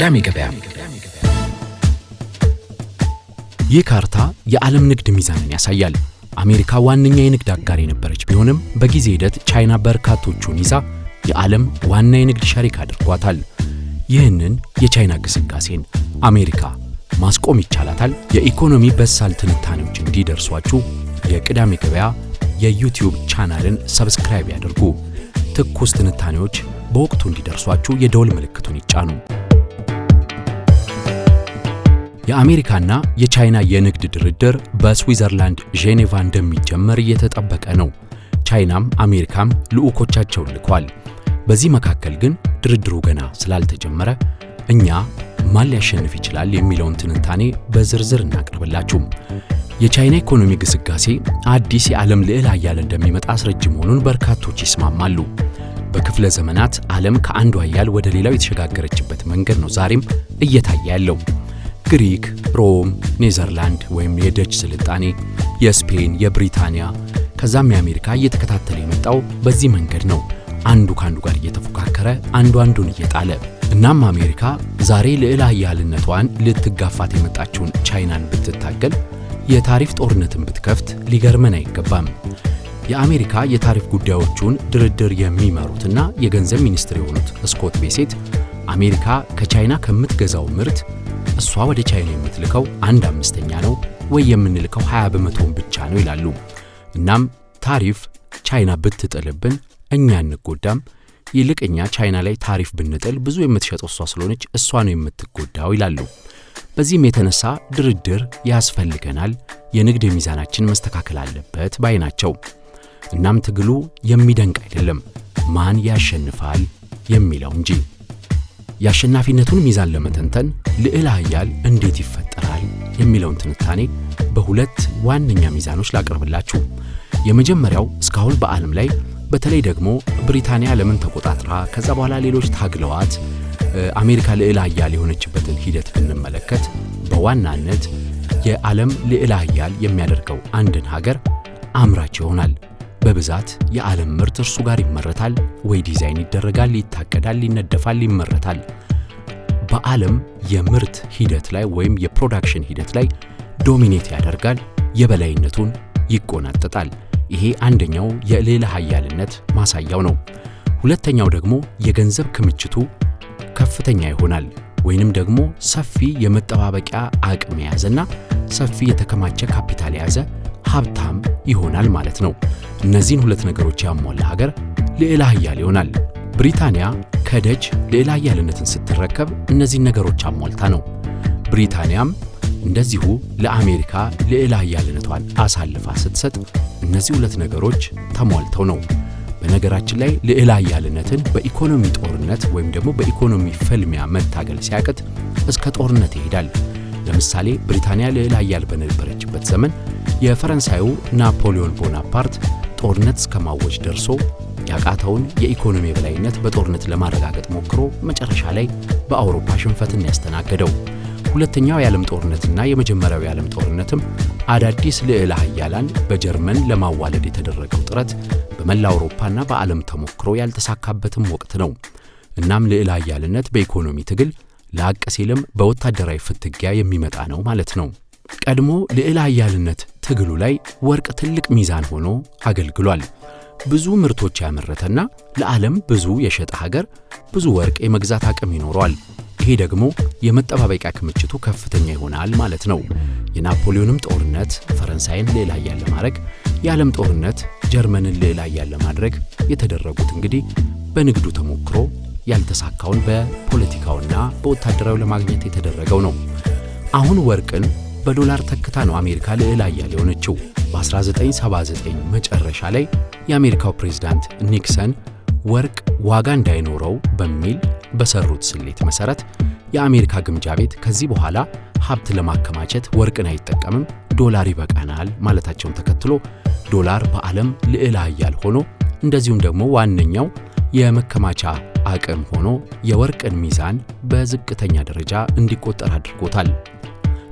ቅዳሜ ገበያ ይህ ካርታ የዓለም ንግድ ሚዛንን ያሳያል። አሜሪካ ዋነኛ የንግድ አጋር የነበረች ቢሆንም በጊዜ ሂደት ቻይና በርካቶቹን ይዛ የዓለም ዋና የንግድ ሸሪክ አድርጓታል። ይህንን የቻይና ግስጋሴን አሜሪካ ማስቆም ይቻላታል? የኢኮኖሚ በሳል ትንታኔዎች እንዲደርሷችሁ የቅዳሜ ገበያ የዩቲዩብ ቻናልን ሰብስክራይብ ያድርጉ። ትኩስ ትንታኔዎች በወቅቱ እንዲደርሷችሁ የደውል ምልክቱን ይጫኑ። የአሜሪካና የቻይና የንግድ ድርድር በስዊዘርላንድ ጄኔቫ እንደሚጀመር እየተጠበቀ ነው። ቻይናም አሜሪካም ልዑኮቻቸውን ልኳል። በዚህ መካከል ግን ድርድሩ ገና ስላልተጀመረ እኛ ማን ሊያሸንፍ ይችላል የሚለውን ትንታኔ በዝርዝር እናቅርብላችሁ። የቻይና ኢኮኖሚ ግስጋሴ አዲስ የዓለም ልዕል አያል እንደሚመጣ አስረጅ መሆኑን በርካቶች ይስማማሉ። በክፍለ ዘመናት ዓለም ከአንዱ አያል ወደ ሌላው የተሸጋገረችበት መንገድ ነው ዛሬም እየታየ ያለው። ግሪክ፣ ሮም፣ ኔዘርላንድ ወይም የደች ስልጣኔ፣ የስፔን፣ የብሪታንያ ከዛም የአሜሪካ እየተከታተለ የመጣው በዚህ መንገድ ነው። አንዱ ከአንዱ ጋር እየተፎካከረ አንዱ አንዱን እየጣለ እናም አሜሪካ ዛሬ ልዕለ ኃያልነቷን ልትጋፋት የመጣችውን ቻይናን ብትታገል የታሪፍ ጦርነትን ብትከፍት ሊገርመን አይገባም። የአሜሪካ የታሪፍ ጉዳዮቹን ድርድር የሚመሩትና የገንዘብ ሚኒስትር የሆኑት ስኮት ቤሴት አሜሪካ ከቻይና ከምትገዛው ምርት እሷ ወደ ቻይና የምትልከው አንድ አምስተኛ ነው ወይ የምንልከው 20 በመቶውን ብቻ ነው ይላሉ። እናም ታሪፍ ቻይና ብትጥልብን እኛ እንጎዳም። ይልቅ እኛ ቻይና ላይ ታሪፍ ብንጥል ብዙ የምትሸጠው እሷ ስለሆነች እሷ ነው የምትጎዳው ይላሉ። በዚህም የተነሳ ድርድር ያስፈልገናል፣ የንግድ ሚዛናችን መስተካከል አለበት ባይ ናቸው። እናም ትግሉ የሚደንቅ አይደለም ማን ያሸንፋል የሚለው እንጂ የአሸናፊነቱን ሚዛን ለመተንተን ልዕለ ኃያል እንዴት ይፈጠራል የሚለውን ትንታኔ በሁለት ዋነኛ ሚዛኖች ላቅርብላችሁ። የመጀመሪያው እስካሁን በዓለም ላይ በተለይ ደግሞ ብሪታንያ ለምን ተቆጣጥራ ከዛ በኋላ ሌሎች ታግለዋት አሜሪካ ልዕለ ኃያል የሆነችበትን ሂደት ብንመለከት በዋናነት የዓለም ልዕለ ኃያል የሚያደርገው አንድን ሀገር አምራች ይሆናል። በብዛት የዓለም ምርት እርሱ ጋር ይመረታል ወይ ዲዛይን ይደረጋል፣ ይታቀዳል፣ ይነደፋል፣ ይመረታል። በዓለም የምርት ሂደት ላይ ወይም የፕሮዳክሽን ሂደት ላይ ዶሚኔት ያደርጋል፣ የበላይነቱን ይቆናጠጣል። ይሄ አንደኛው የልዕለ ሀያልነት ማሳያው ነው። ሁለተኛው ደግሞ የገንዘብ ክምችቱ ከፍተኛ ይሆናል ወይንም ደግሞ ሰፊ የመጠባበቂያ አቅም የያዘና ሰፊ የተከማቸ ካፒታል የያዘ ሀብታም ይሆናል ማለት ነው። እነዚህን ሁለት ነገሮች ያሟላ ሀገር ልዕለ ኃያል ይሆናል። ብሪታንያ ከደች ልዕለ ኃያልነትን ስትረከብ እነዚህን ነገሮች አሟልታ ነው። ብሪታንያም እንደዚሁ ለአሜሪካ ልዕለ ኃያልነቷን አሳልፋ ስትሰጥ እነዚህ ሁለት ነገሮች ተሟልተው ነው። በነገራችን ላይ ልዕለ ኃያልነትን በኢኮኖሚ ጦርነት ወይም ደግሞ በኢኮኖሚ ፍልሚያ መታገል ሲያቅት እስከ ጦርነት ይሄዳል። ለምሳሌ ብሪታንያ ልዕለ ኃያል በነበረችበት ዘመን የፈረንሳዩ ናፖሊዮን ቦናፓርት ጦርነት እስከ ደርሶ ያቃተውን የኢኮኖሚ በላይነት በጦርነት ለማረጋገጥ ሞክሮ መጨረሻ ላይ በአውሮፓ ሽንፈትን ያስተናገደው። ሁለተኛው የዓለም ጦርነትና የመጀመሪያው የዓለም ጦርነትም አዳዲስ ልዕለ ኃያላን በጀርመን ለማዋለድ የተደረገው ጥረት በመላ አውሮፓና በዓለም ተሞክሮ ያልተሳካበትም ወቅት ነው። እናም ልዕለ ኃያልነት በኢኮኖሚ ትግል ላቅ ሲልም በወታደራዊ ፍትጊያ የሚመጣ ነው ማለት ነው። ቀድሞ ልዕለ ኃያልነት ትግሉ ላይ ወርቅ ትልቅ ሚዛን ሆኖ አገልግሏል። ብዙ ምርቶች ያመረተና ለዓለም ብዙ የሸጠ ሀገር ብዙ ወርቅ የመግዛት አቅም ይኖረዋል። ይሄ ደግሞ የመጠባበቂያ ክምችቱ ከፍተኛ ይሆናል ማለት ነው። የናፖሊዮንም ጦርነት ፈረንሳይን ልዕለ ኃያል ለማድረግ፣ የዓለም ጦርነት ጀርመንን ልዕለ ኃያል ለማድረግ የተደረጉት እንግዲህ በንግዱ ተሞክሮ ያልተሳካውን በፖለቲካውና በወታደራዊ ለማግኘት የተደረገው ነው። አሁን ወርቅን በዶላር ተክታ ነው አሜሪካ ልዕል ኃያል የሆነችው። በ1979 መጨረሻ ላይ የአሜሪካው ፕሬዝዳንት ኒክሰን ወርቅ ዋጋ እንዳይኖረው በሚል በሰሩት ስሌት መሰረት የአሜሪካ ግምጃ ቤት ከዚህ በኋላ ሀብት ለማከማቸት ወርቅን አይጠቀምም፣ ዶላር ይበቃናል ማለታቸውን ተከትሎ ዶላር በዓለም ልዕለ ኃያል ሆኖ እንደዚሁም ደግሞ ዋነኛው የመከማቻ አቅም ሆኖ የወርቅን ሚዛን በዝቅተኛ ደረጃ እንዲቆጠር አድርጎታል።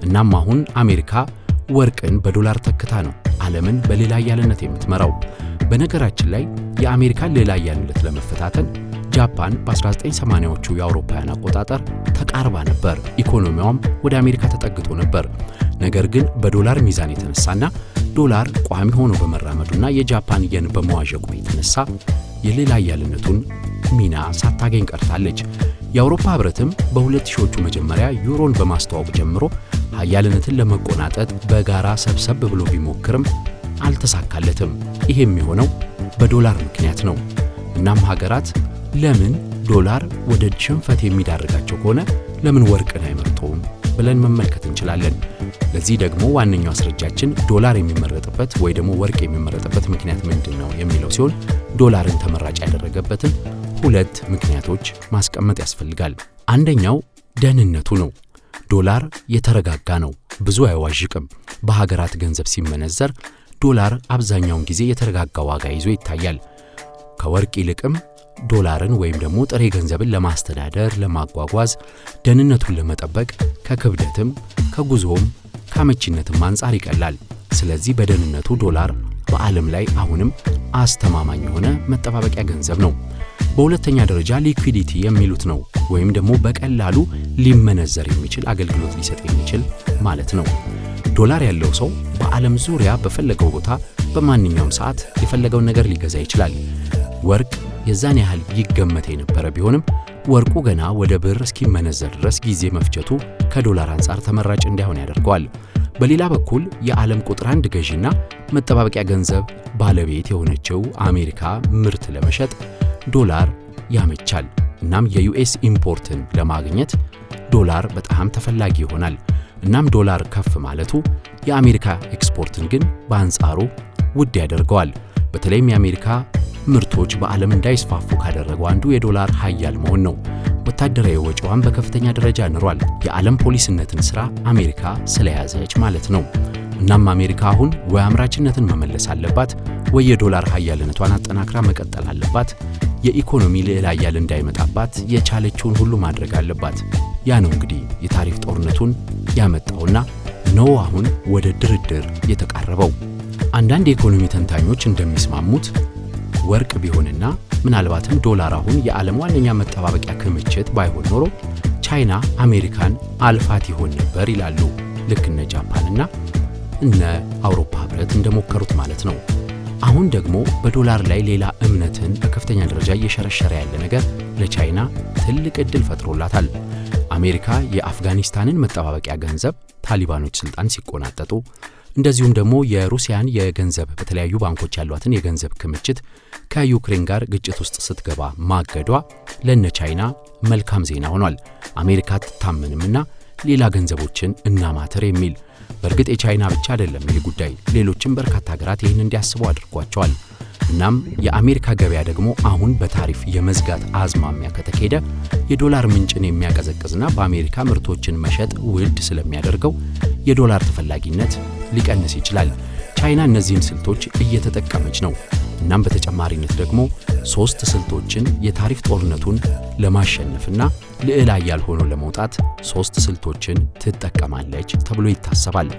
እናም አሁን አሜሪካ ወርቅን በዶላር ተክታ ነው ዓለምን በሌላ አያልነት የምትመራው። በነገራችን ላይ የአሜሪካን ሌላ አያልነት ለመፈታተን ጃፓን በ1980ዎቹ የአውሮፓውያን አቆጣጠር ተቃርባ ነበር። ኢኮኖሚዋም ወደ አሜሪካ ተጠግቶ ነበር። ነገር ግን በዶላር ሚዛን የተነሳና ዶላር ቋሚ ሆኖ በመራመዱና የጃፓን የን በመዋዠቁ የተነሳ የሌላ አያልነቱን ሚና ሳታገኝ ቀርታለች። የአውሮፓ ህብረትም በ2000ዎቹ መጀመሪያ ዩሮን በማስተዋወቅ ጀምሮ ሀያልነትን ለመቆናጠጥ በጋራ ሰብሰብ ብሎ ቢሞክርም አልተሳካለትም። ይህ የሚሆነው በዶላር ምክንያት ነው። እናም ሀገራት ለምን ዶላር ወደ ሽንፈት የሚዳርጋቸው ከሆነ ለምን ወርቅን አይመርጡም ብለን መመልከት እንችላለን። ለዚህ ደግሞ ዋነኛው አስረጃችን ዶላር የሚመረጥበት ወይ ደግሞ ወርቅ የሚመረጥበት ምክንያት ምንድን ነው የሚለው ሲሆን ዶላርን ተመራጭ ያደረገበትን ሁለት ምክንያቶች ማስቀመጥ ያስፈልጋል። አንደኛው ደህንነቱ ነው። ዶላር የተረጋጋ ነው፣ ብዙ አይዋዥቅም። በሀገራት ገንዘብ ሲመነዘር ዶላር አብዛኛውን ጊዜ የተረጋጋ ዋጋ ይዞ ይታያል። ከወርቅ ይልቅም ዶላርን ወይም ደግሞ ጥሬ ገንዘብን ለማስተዳደር፣ ለማጓጓዝ፣ ደህንነቱን ለመጠበቅ ከክብደትም ከጉዞም ከአመቺነትም አንጻር ይቀላል። ስለዚህ በደህንነቱ ዶላር በዓለም ላይ አሁንም አስተማማኝ የሆነ መጠባበቂያ ገንዘብ ነው። በሁለተኛ ደረጃ ሊኩዊዲቲ የሚሉት ነው፣ ወይም ደግሞ በቀላሉ ሊመነዘር የሚችል አገልግሎት ሊሰጥ የሚችል ማለት ነው። ዶላር ያለው ሰው በዓለም ዙሪያ በፈለገው ቦታ በማንኛውም ሰዓት የፈለገውን ነገር ሊገዛ ይችላል። ወርቅ የዛን ያህል ይገመት የነበረ ቢሆንም ወርቁ ገና ወደ ብር እስኪመነዘር ድረስ ጊዜ መፍጀቱ ከዶላር አንጻር ተመራጭ እንዲሆን ያደርገዋል። በሌላ በኩል የዓለም ቁጥር አንድ ገዢና መጠባበቂያ ገንዘብ ባለቤት የሆነችው አሜሪካ ምርት ለመሸጥ ዶላር ያመቻል። እናም የዩኤስ ኢምፖርትን ለማግኘት ዶላር በጣም ተፈላጊ ይሆናል። እናም ዶላር ከፍ ማለቱ የአሜሪካ ኤክስፖርትን ግን በአንጻሩ ውድ ያደርገዋል። በተለይም የአሜሪካ ምርቶች በዓለም እንዳይስፋፉ ካደረጉ አንዱ የዶላር ሀያል መሆን ነው። ወታደራዊ ወጪዋን በከፍተኛ ደረጃ ንሯል። የዓለም ፖሊስነትን ስራ አሜሪካ ስለያዘች ማለት ነው። እናም አሜሪካ አሁን ወይ አምራችነትን መመለስ አለባት፣ ወይ የዶላር ሀያልነቷን አጠናክራ መቀጠል አለባት። የኢኮኖሚ ልዕለ ኃያል እንዳይመጣባት የቻለችውን ሁሉ ማድረግ አለባት። ያ ነው እንግዲህ የታሪፍ ጦርነቱን ያመጣውና ነው አሁን ወደ ድርድር የተቃረበው። አንዳንድ የኢኮኖሚ ተንታኞች እንደሚስማሙት ወርቅ ቢሆንና ምናልባትም ዶላር አሁን የዓለም ዋነኛ መጠባበቂያ ክምችት ባይሆን ኖሮ ቻይና አሜሪካን አልፋት ይሆን ነበር ይላሉ። ልክ እነ ጃፓንና እነ አውሮፓ ህብረት እንደሞከሩት ማለት ነው። አሁን ደግሞ በዶላር ላይ ሌላ እምነትን በከፍተኛ ደረጃ እየሸረሸረ ያለ ነገር ለቻይና ትልቅ ዕድል ፈጥሮላታል። አሜሪካ የአፍጋኒስታንን መጠባበቂያ ገንዘብ ታሊባኖች ስልጣን ሲቆናጠጡ እንደዚሁም ደግሞ የሩሲያን የገንዘብ በተለያዩ ባንኮች ያሏትን የገንዘብ ክምችት ከዩክሬን ጋር ግጭት ውስጥ ስትገባ ማገዷ ለነ ቻይና መልካም ዜና ሆኗል። አሜሪካ አትታመንምና ሌላ ገንዘቦችን እናማተር የሚል በእርግጥ የቻይና ብቻ አይደለም ይህ ጉዳይ፣ ሌሎችም በርካታ ሀገራት ይህን እንዲያስቡ አድርጓቸዋል። እናም የአሜሪካ ገበያ ደግሞ አሁን በታሪፍ የመዝጋት አዝማሚያ ከተካሄደ የዶላር ምንጭን የሚያቀዘቅዝና በአሜሪካ ምርቶችን መሸጥ ውድ ስለሚያደርገው የዶላር ተፈላጊነት ሊቀንስ ይችላል። ቻይና እነዚህን ስልቶች እየተጠቀመች ነው። እናም በተጨማሪነት ደግሞ ሶስት ስልቶችን የታሪፍ ጦርነቱን ለማሸነፍና ልዕል ኃያል ሆኖ ለመውጣት ሶስት ስልቶችን ትጠቀማለች ተብሎ ይታሰባል።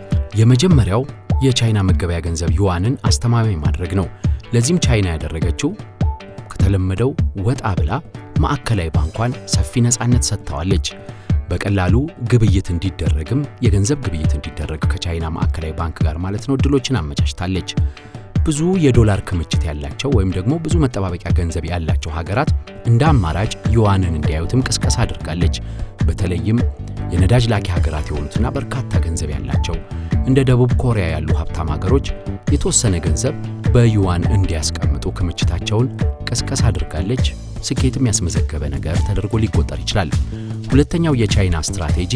የመጀመሪያው የቻይና መገበያ ገንዘብ ዩዋንን አስተማማኝ ማድረግ ነው። ለዚህም ቻይና ያደረገችው ከተለመደው ወጣ ብላ ማዕከላዊ ባንኳን ሰፊ ነፃነት ሰጥተዋለች። በቀላሉ ግብይት እንዲደረግም የገንዘብ ግብይት እንዲደረግ ከቻይና ማዕከላዊ ባንክ ጋር ማለት ነው እድሎችን አመቻችታለች። ብዙ የዶላር ክምችት ያላቸው ወይም ደግሞ ብዙ መጠባበቂያ ገንዘብ ያላቸው ሀገራት እንደ አማራጭ ዩዋንን እንዲያዩትም ቅስቀሳ አድርጋለች። በተለይም የነዳጅ ላኪ ሀገራት የሆኑትና በርካታ ገንዘብ ያላቸው እንደ ደቡብ ኮሪያ ያሉ ሀብታም ሀገሮች የተወሰነ ገንዘብ በዩዋን እንዲያስቀምጡ ክምችታቸውን ቀስቀስ አድርጋለች። ስኬትም ያስመዘገበ ነገር ተደርጎ ሊቆጠር ይችላል። ሁለተኛው የቻይና ስትራቴጂ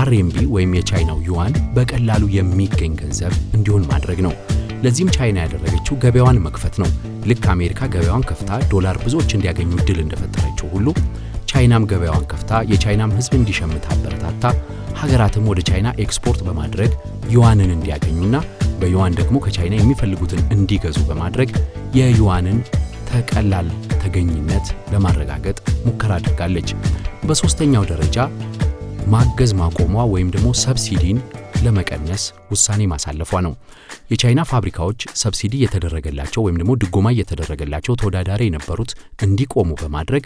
አርኤምቢ ወይም የቻይናው ዩዋን በቀላሉ የሚገኝ ገንዘብ እንዲሆን ማድረግ ነው። ለዚህም ቻይና ያደረገችው ገበያዋን መክፈት ነው። ልክ አሜሪካ ገበያዋን ከፍታ ዶላር ብዙዎች እንዲያገኙ እድል እንደፈጠረችው ሁሉ ቻይናም ገበያዋን ከፍታ የቻይናም ሕዝብ እንዲሸምት አበረታታ፣ ሀገራትም ወደ ቻይና ኤክስፖርት በማድረግ ዩዋንን እንዲያገኙና በዩዋን ደግሞ ከቻይና የሚፈልጉትን እንዲገዙ በማድረግ የዩዋንን ተቀላል ተገኝነት ለማረጋገጥ ሙከራ አድርጋለች። በሶስተኛው ደረጃ ማገዝ ማቆሟ ወይም ደግሞ ሰብሲዲን ለመቀነስ ውሳኔ ማሳለፏ ነው። የቻይና ፋብሪካዎች ሰብሲዲ የተደረገላቸው ወይም ደግሞ ድጎማ እየተደረገላቸው ተወዳዳሪ የነበሩት እንዲቆሙ በማድረግ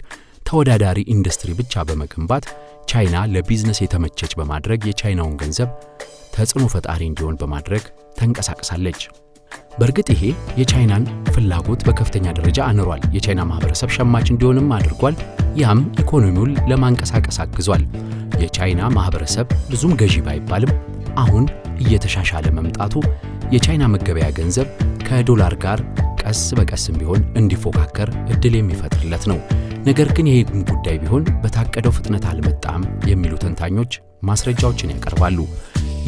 ተወዳዳሪ ኢንዱስትሪ ብቻ በመገንባት ቻይና ለቢዝነስ የተመቸች በማድረግ የቻይናውን ገንዘብ ተጽዕኖ ፈጣሪ እንዲሆን በማድረግ ተንቀሳቅሳለች። በእርግጥ ይሄ የቻይናን ፍላጎት በከፍተኛ ደረጃ አንሯል። የቻይና ማህበረሰብ ሸማች እንዲሆንም አድርጓል። ያም ኢኮኖሚውን ለማንቀሳቀስ አግዟል። የቻይና ማህበረሰብ ብዙም ገዢ ባይባልም አሁን እየተሻሻለ መምጣቱ የቻይና መገበያ ገንዘብ ከዶላር ጋር ቀስ በቀስም ቢሆን እንዲፎካከር እድል የሚፈጥርለት ነው። ነገር ግን ይህም ጉዳይ ቢሆን በታቀደው ፍጥነት አልመጣም የሚሉ ተንታኞች ማስረጃዎችን ያቀርባሉ።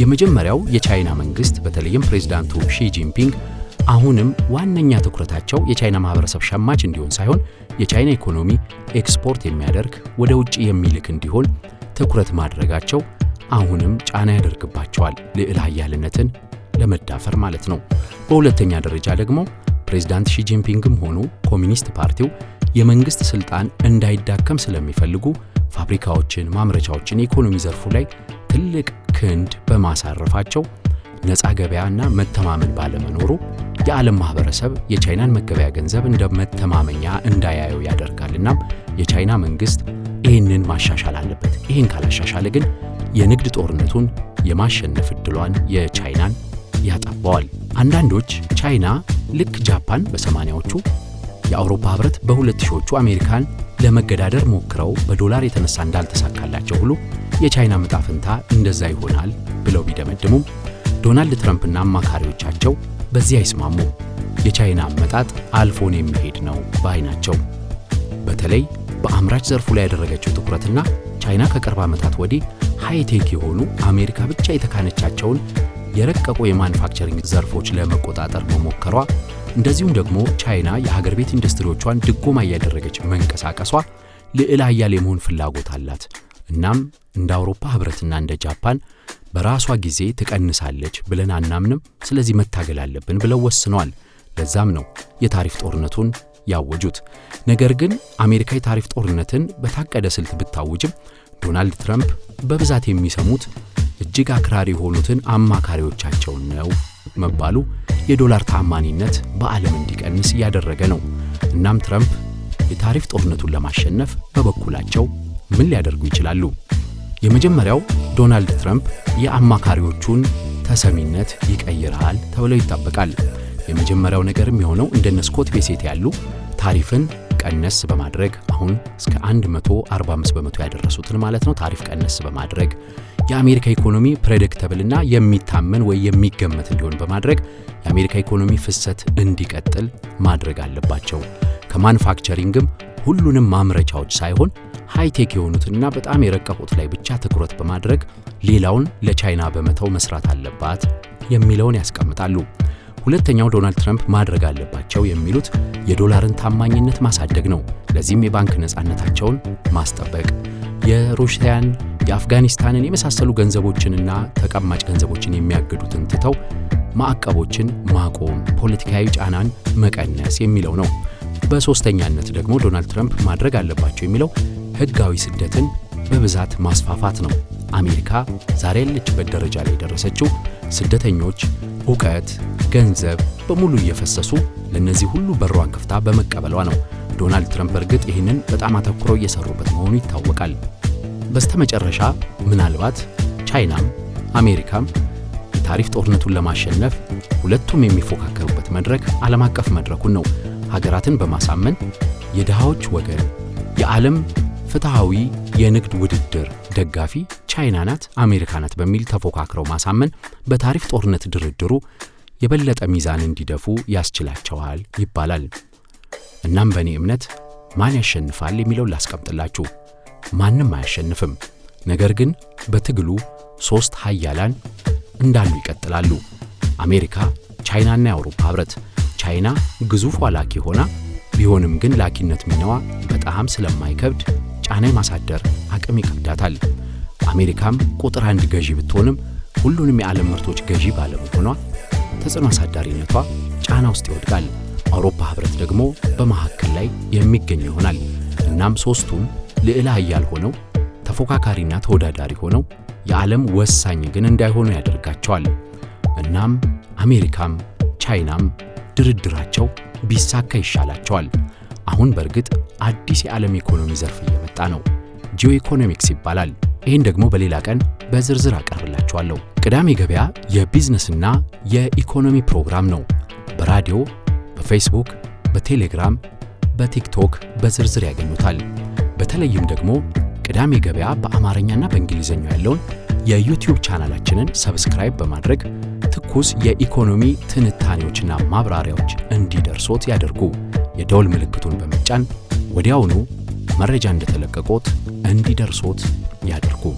የመጀመሪያው የቻይና መንግስት በተለይም ፕሬዚዳንቱ ሺ ጂንፒንግ አሁንም ዋነኛ ትኩረታቸው የቻይና ማህበረሰብ ሸማች እንዲሆን ሳይሆን የቻይና ኢኮኖሚ ኤክስፖርት የሚያደርግ ወደ ውጭ የሚልክ እንዲሆን ትኩረት ማድረጋቸው አሁንም ጫና ያደርግባቸዋል ልዕለ ኃያልነትን ለመዳፈር ማለት ነው። በሁለተኛ ደረጃ ደግሞ ፕሬዝዳንት ሺጂንፒንግም ሆኑ ኮሚኒስት ፓርቲው የመንግስት ስልጣን እንዳይዳከም ስለሚፈልጉ ፋብሪካዎችን፣ ማምረቻዎችን የኢኮኖሚ ዘርፉ ላይ ትልቅ ክንድ በማሳረፋቸው ነፃ እና መተማመን ባለመኖሩ የዓለም ማህበረሰብ የቻይናን መገበያ ገንዘብ እንደ መተማመኛ እንዳያየው ያደርጋል። እናም የቻይና መንግስት ይህንን ማሻሻል አለበት። ይህን ካላሻሻለ ግን የንግድ ጦርነቱን የማሸነፍ እድሏን የቻይናን ያጠባዋል። አንዳንዶች ቻይና ልክ ጃፓን በሰማኒያዎቹ የአውሮፓ ህብረት በሁለት ሺዎቹ አሜሪካን ለመገዳደር ሞክረው በዶላር የተነሳ እንዳልተሳካላቸው ሁሉ የቻይና ምጣፍንታ እንደዛ ይሆናል ብለው ቢደመድሙም ዶናልድ ትረምፕና አማካሪዎቻቸው በዚህ አይስማሙ። የቻይና አመጣጥ አልፎን የሚሄድ ነው ባይ ናቸው። በተለይ በአምራች ዘርፉ ላይ ያደረገችው ትኩረትና ቻይና ከቅርብ ዓመታት ወዲህ ሃይቴክ የሆኑ አሜሪካ ብቻ የተካነቻቸውን የረቀቁ የማኑፋክቸሪንግ ዘርፎች ለመቆጣጠር መሞከሯ እንደዚሁም ደግሞ ቻይና የሀገር ቤት ኢንዱስትሪዎቿን ድጎማ እያደረገች መንቀሳቀሷ ልዕለ ኃያል የመሆን ፍላጎት አላት። እናም እንደ አውሮፓ ህብረትና እንደ ጃፓን በራሷ ጊዜ ትቀንሳለች ብለን አናምንም። ስለዚህ መታገል አለብን ብለው ወስነዋል። ለዛም ነው የታሪፍ ጦርነቱን ያወጁት። ነገር ግን አሜሪካ የታሪፍ ጦርነትን በታቀደ ስልት ብታውጅም ዶናልድ ትራምፕ በብዛት የሚሰሙት እጅግ አክራሪ የሆኑትን አማካሪዎቻቸውን ነው መባሉ የዶላር ተአማኒነት በዓለም እንዲቀንስ እያደረገ ነው። እናም ትራምፕ የታሪፍ ጦርነቱን ለማሸነፍ በበኩላቸው ምን ሊያደርጉ ይችላሉ? የመጀመሪያው ዶናልድ ትራምፕ የአማካሪዎቹን ተሰሚነት ይቀይራል ተብለው ይጠበቃል። የመጀመሪያው ነገር የሚሆነው እንደነ ስኮት ቤሴት ያሉ ታሪፍን ቀነስ በማድረግ አሁን እስከ 145 በመቶ ያደረሱትን ማለት ነው ታሪፍ ቀነስ በማድረግ የአሜሪካ ኢኮኖሚ ፕሬዲክተብልና የሚታመን ወይ የሚገመት እንዲሆን በማድረግ የአሜሪካ ኢኮኖሚ ፍሰት እንዲቀጥል ማድረግ አለባቸው። ከማኑፋክቸሪንግም ሁሉንም ማምረቻዎች ሳይሆን ሃይቴክ የሆኑትና በጣም የረቀቁት ላይ ብቻ ትኩረት በማድረግ ሌላውን ለቻይና በመተው መስራት አለባት የሚለውን ያስቀምጣሉ። ሁለተኛው ዶናልድ ትራምፕ ማድረግ አለባቸው የሚሉት የዶላርን ታማኝነት ማሳደግ ነው። ለዚህም የባንክ ነፃነታቸውን ማስጠበቅ፣ የሩሲያን የአፍጋኒስታንን የመሳሰሉ ገንዘቦችንና ተቀማጭ ገንዘቦችን የሚያግዱትን ትተው ማዕቀቦችን ማቆም፣ ፖለቲካዊ ጫናን መቀነስ የሚለው ነው። በሶስተኛነት ደግሞ ዶናልድ ትራምፕ ማድረግ አለባቸው የሚለው ህጋዊ ስደትን በብዛት ማስፋፋት ነው። አሜሪካ ዛሬ ያለችበት ደረጃ ላይ የደረሰችው ስደተኞች እውቀት፣ ገንዘብ በሙሉ እየፈሰሱ ለእነዚህ ሁሉ በሯን ከፍታ በመቀበሏ ነው። ዶናልድ ትራምፕ እርግጥ ይህንን በጣም አተኩረው እየሰሩበት መሆኑ ይታወቃል። በስተመጨረሻ ምናልባት ቻይናም አሜሪካም የታሪፍ ጦርነቱን ለማሸነፍ ሁለቱም የሚፎካከሩበት መድረክ ዓለም አቀፍ መድረኩን ነው። ሀገራትን በማሳመን የድሃዎች ወገን የዓለም ፍትሐዊ የንግድ ውድድር ደጋፊ ቻይና ናት፣ አሜሪካ ናት በሚል ተፎካክረው ማሳመን በታሪፍ ጦርነት ድርድሩ የበለጠ ሚዛን እንዲደፉ ያስችላቸዋል ይባላል። እናም በእኔ እምነት ማን ያሸንፋል የሚለውን ላስቀምጥላችሁ። ማንም አያሸንፍም። ነገር ግን በትግሉ ሦስት ሀያላን እንዳሉ ይቀጥላሉ። አሜሪካ፣ ቻይናና የአውሮፓ ኅብረት። ቻይና ግዙፏ ላኪ ሆና ቢሆንም ግን ላኪነት ሚናዋ በጣም ስለማይከብድ ጫና የማሳደር አቅም ይከብዳታል። አሜሪካም ቁጥር አንድ ገዢ ብትሆንም ሁሉንም የዓለም ምርቶች ገዢ ባለመሆኗ ተጽዕኖ አሳዳሪነቷ ጫና ውስጥ ይወድቃል። አውሮፓ ህብረት ደግሞ በመካከል ላይ የሚገኝ ይሆናል። እናም ሶስቱም ልዕለ ኃያል ሆነው ተፎካካሪና ተወዳዳሪ ሆነው የዓለም ወሳኝ ግን እንዳይሆኑ ያደርጋቸዋል። እናም አሜሪካም ቻይናም ድርድራቸው ቢሳካ ይሻላቸዋል። አሁን በእርግጥ አዲስ የዓለም ኢኮኖሚ ዘርፍ እየመጣ ነው። ጂኦ ኢኮኖሚክስ ይባላል። ይህን ደግሞ በሌላ ቀን በዝርዝር አቀርብላችኋለሁ። ቅዳሜ ገበያ የቢዝነስና የኢኮኖሚ ፕሮግራም ነው። በራዲዮ፣ በፌስቡክ፣ በቴሌግራም፣ በቲክቶክ በዝርዝር ያገኙታል። በተለይም ደግሞ ቅዳሜ ገበያ በአማርኛና በእንግሊዝኛ ያለውን የዩቲዩብ ቻናላችንን ሰብስክራይብ በማድረግ ትኩስ የኢኮኖሚ ትንታኔዎችና ማብራሪያዎች እንዲደርሶት ያደርጉ። የደውል ምልክቱን በመጫን ወዲያውኑ መረጃ እንደተለቀቆት እንዲደርሶት ያደርጉ።